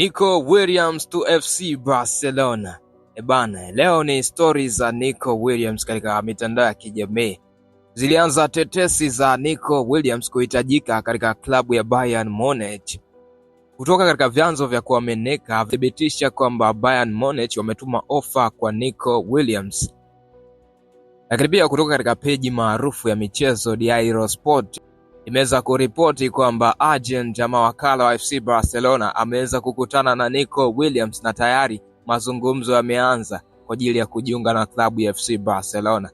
Nico Williams to FC Barcelona. Ebana, leo ni stori za Nico Williams katika mitandao ya kijamii. Zilianza tetesi za Nico Williams kuhitajika katika klabu ya Bayern Munich. Kutoka katika vyanzo vya kuaminika vithibitisha kwamba Bayern Munich wametuma ofa kwa Nico Williams, lakini pia kutoka katika peji maarufu ya michezo Diario Sport imeweza kuripoti kwamba Arjen ja mawakala wa FC Barcelona ameweza kukutana na Nico Williams na tayari mazungumzo yameanza kwa ajili ya kujiunga na klabu ya FC Barcelona.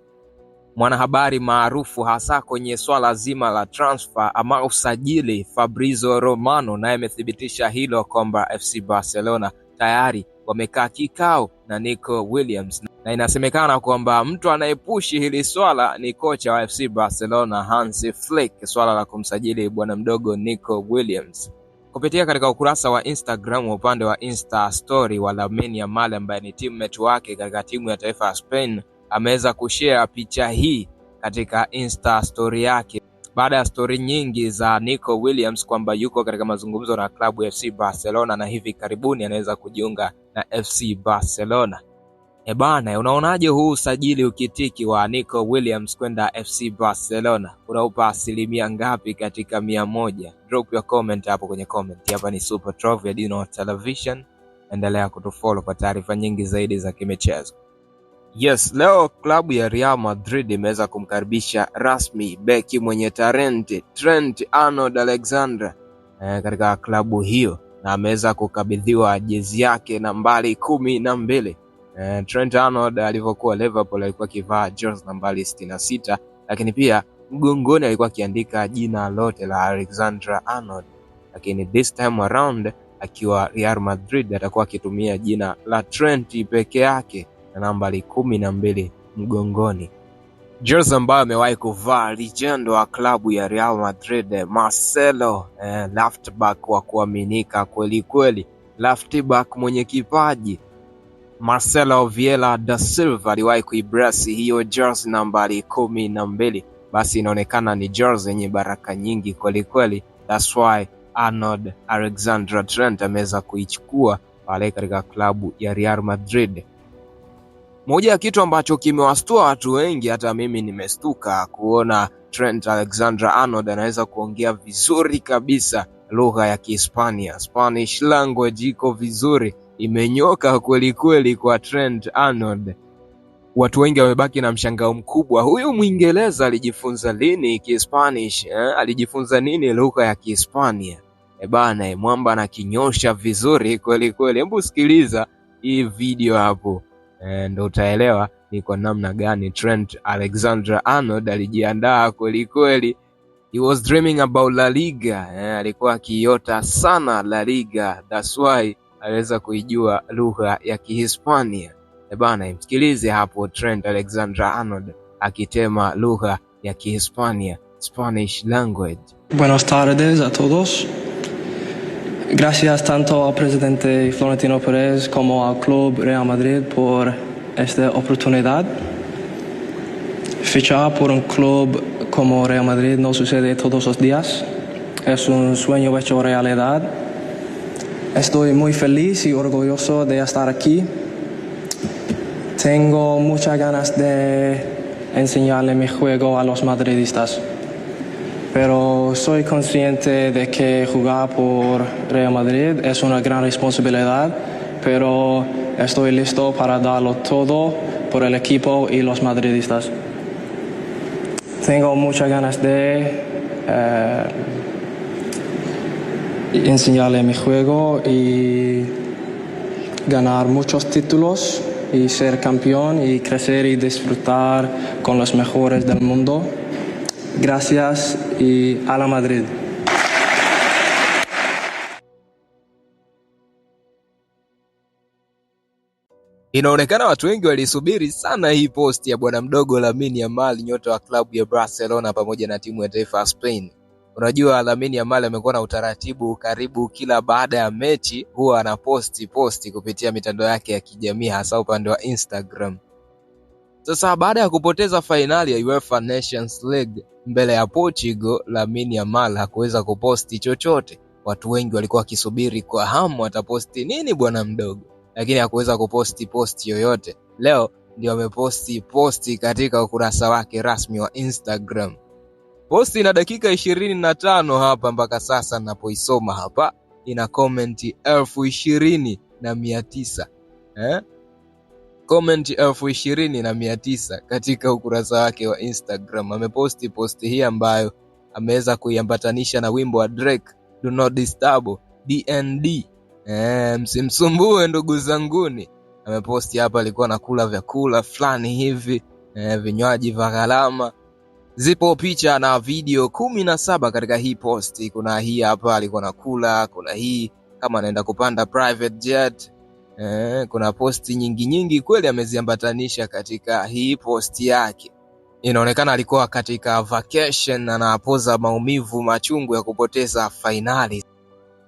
Mwanahabari maarufu hasa kwenye swala zima la transfer ama usajili, Fabrizio Romano naye amethibitisha hilo kwamba FC Barcelona tayari wamekaa kikao na Nico Williams na inasemekana kwamba mtu anayepushi hili swala ni kocha wa FC Barcelona Hansi Flick, swala la kumsajili bwana mdogo Nico Williams kupitia katika ukurasa wa Instagram wa upande wa Insta story wa Lamine Yamal ambaye ni teammate wake katika timu ya taifa ya Spain ameweza kushare picha hii katika Insta story yake baada ya stori nyingi za Nico Williams kwamba yuko katika mazungumzo na klabu ya FC Barcelona na hivi karibuni anaweza kujiunga na FC Barcelona. Ebana, eh unaonaje huu usajili ukitiki wa Nico Williams kwenda FC Barcelona unaupa asilimia ngapi katika mia moja? Drop your comment hapo kwenye comment. Hapa ni Super Trove ya Dino Television, endelea kutufollow kwa taarifa nyingi zaidi za kimichezo. Yes, leo klabu ya Real Madrid imeweza kumkaribisha rasmi beki mwenye talenti Trent Arnold Alexander eh, katika klabu hiyo na ameweza kukabidhiwa jezi yake nambari kumi na mbili Eh, Trent Arnold alivyokuwa Liverpool alikuwa akivaa jezi nambari 66, lakini pia mgongoni alikuwa akiandika jina lote la Alexander Arnold, lakini this time around akiwa Real Madrid atakuwa akitumia jina la Trent peke yake na nambari kumi na mbili mgongoni, jezi ambayo amewahi kuvaa legend wa klabu ya Real Madrid Marcelo, eh, left back wa kuaminika kweli kweli, left back mwenye kipaji Marcelo Vieira da Silva aliwahi kuibrasi hiyo jersey nambari kumi na mbili. Basi inaonekana ni jersey yenye baraka nyingi kwelikweli. That's why Arnold Alexander Trent ameweza kuichukua pale katika klabu ya Real Madrid. Moja ya kitu ambacho kimewastua watu wengi, hata mimi nimestuka kuona Trent Alexander Arnold anaweza kuongea vizuri kabisa lugha ya Kihispania, Spanish language iko vizuri kweli kwelikweli kwa Trent Arnold. Watu wengi wamebaki na mshangao mkubwa, huyu Mwingereza alijifunza lini Kispanish eh? Alijifunza nini lugha ya Kihispania? E bana, e mwamba anakinyosha vizuri kweli kweli. Hebu sikiliza hii video hapo eh, ndo utaelewa ni kwa namna gani Trent Alexander-Arnold alijiandaa kweli kweli. He was dreaming about La Liga eh, alikuwa akiota sana La Liga, that's why aweza kuijua lugha ya Kihispania. hapo Trent Alexander-Arnold Spanish language. Buenas tardes a todos. Gracias tanto al presidente Florentino Pérez como al club Real Madrid por esta oportunidad. Fichar por un club como Real Madrid no sucede todos los días. Es un sueño hecho realidad Estoy muy feliz y orgulloso de estar aquí. Tengo muchas ganas de enseñarle mi juego a los madridistas, pero soy consciente de que jugar por Real Madrid es una gran responsabilidad, pero estoy listo para darlo todo por el equipo y los madridistas. Tengo muchas ganas de... Eh, enseñarle mi juego y ganar muchos títulos y ser campeón y crecer y disfrutar con los mejores del mundo. Gracias y a la Madrid. Inaonekana watu wengi walisubiri sana hii posti ya bwana mdogo Lamine Yamal, nyota wa club ya Barcelona pamoja na timu ya taifa ya Spain. unajua wadhamini yamal amekuwa na utaratibu, karibu kila baada ya mechi huwa anaposti posti kupitia mitandao yake ya kijamii, hasa upande wa Instagram. Sasa baada ya kupoteza fainali ya UEFA Nations League mbele ya Portugal, Lamine Yamal hakuweza kuposti chochote. Watu wengi walikuwa wakisubiri kwa hamu ataposti nini bwana mdogo, lakini hakuweza kuposti posti yoyote. Leo ndio ameposti posti katika ukurasa wake rasmi wa Instagram. Posti ina dakika ishirini na tano hapa mpaka sasa ninapoisoma hapa ina komenti elfu ishirini na mia tisa eh? komenti elfu ishirini na mia tisa katika ukurasa wake wa Instagram. Ameposti posti hii ambayo ameweza kuiambatanisha na wimbo wa Drake Do Not Disturb DND, eh, msimsumbue ndugu zanguni. Ameposti hapa alikuwa anakula vyakula fulani hivi eh, vinywaji vya gharama Zipo picha na video kumi na saba katika hii posti. Kuna hii hapa alikuwa nakula, kuna hii kama anaenda kupanda private jet eh, kuna posti nyingi nyingi kweli ameziambatanisha katika hii posti yake. Inaonekana alikuwa katika vacation anapoza maumivu machungu ya kupoteza fainali.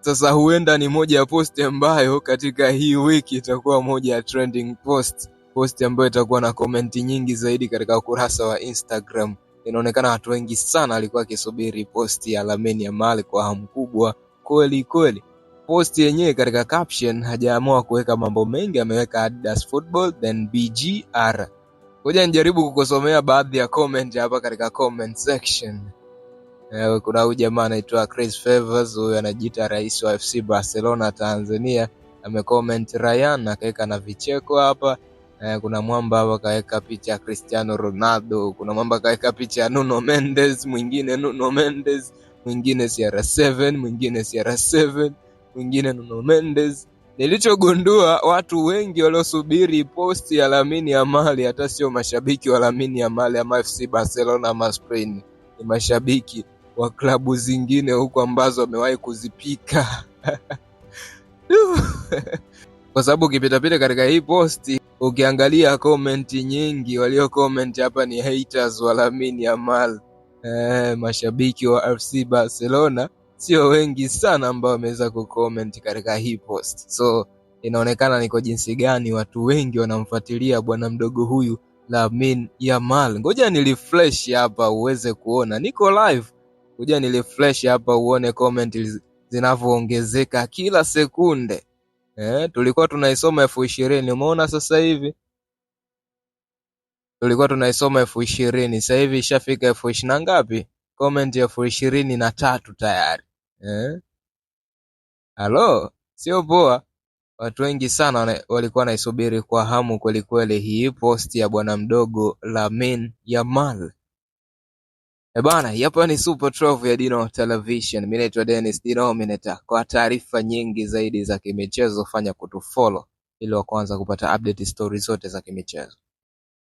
Sasa huenda ni moja ya posti ambayo katika hii wiki itakuwa moja ya trending post, posti ambayo itakuwa na komenti nyingi zaidi katika ukurasa wa Instagram. Inaonekana watu wengi sana alikuwa akisubiri posti ya Lamine Yamal kwa hamu kubwa kweli kweli. Posti yenyewe katika caption hajaamua kuweka mambo mengi, ameweka Adidas Football then BGR. Ngoja nijaribu kukusomea baadhi ya comment hapa katika comment section. Eh, kuna huyu jamaa anaitwa Chris Favors, huyu anajiita rais wa FC Barcelona Tanzania, amecomment Ryan akaweka na vicheko hapa Eh, kuna mwamba wakaweka picha ya Cristiano Ronaldo, kuna mwamba akaweka picha ya Nuno Mendes, mwingine Nuno Mendes, mwingine CR7, mwingine CR7, mwingine Nuno Mendes. Nilichogundua watu wengi waliosubiri posti ya Lamine Yamal hata sio mashabiki wa Lamine Yamal ama FC Barcelona ama Spain, ni mashabiki wa klabu zingine huku ambazo wamewahi kuzipika kwa sababu ukipitapita katika hii posti ukiangalia komenti nyingi walio waliokomenti hapa ni haters wa Lamine Yamal. Eh, mashabiki wa FC Barcelona sio wengi sana ambao wameweza kucomment katika hii post, so inaonekana ni kwa jinsi gani watu wengi wanamfuatilia bwana mdogo huyu Lamine Yamal. Ngoja ni refresh hapa uweze kuona, niko live. Ngoja ni refresh hapa uone comment zinavyoongezeka kila sekunde eh, tulikuwa tunaisoma elfu ishirini umeona sasa hivi tulikuwa tunaisoma elfu ishirini sasa hivi ishafika elfu ishirini na ngapi comment elfu ishirini na tatu tayari eh? Halo, sio poa. Watu wengi sana walikuwa naisubiri kwa hamu kwelikweli hii post ya bwana mdogo Lamine Yamal ebana eh hapa ni super trove ya dino television Mimi naitwa dennis dinominata kwa taarifa nyingi zaidi za kimichezo fanya kutufollow ili wa kwanza kupata update stori zote za kimichezo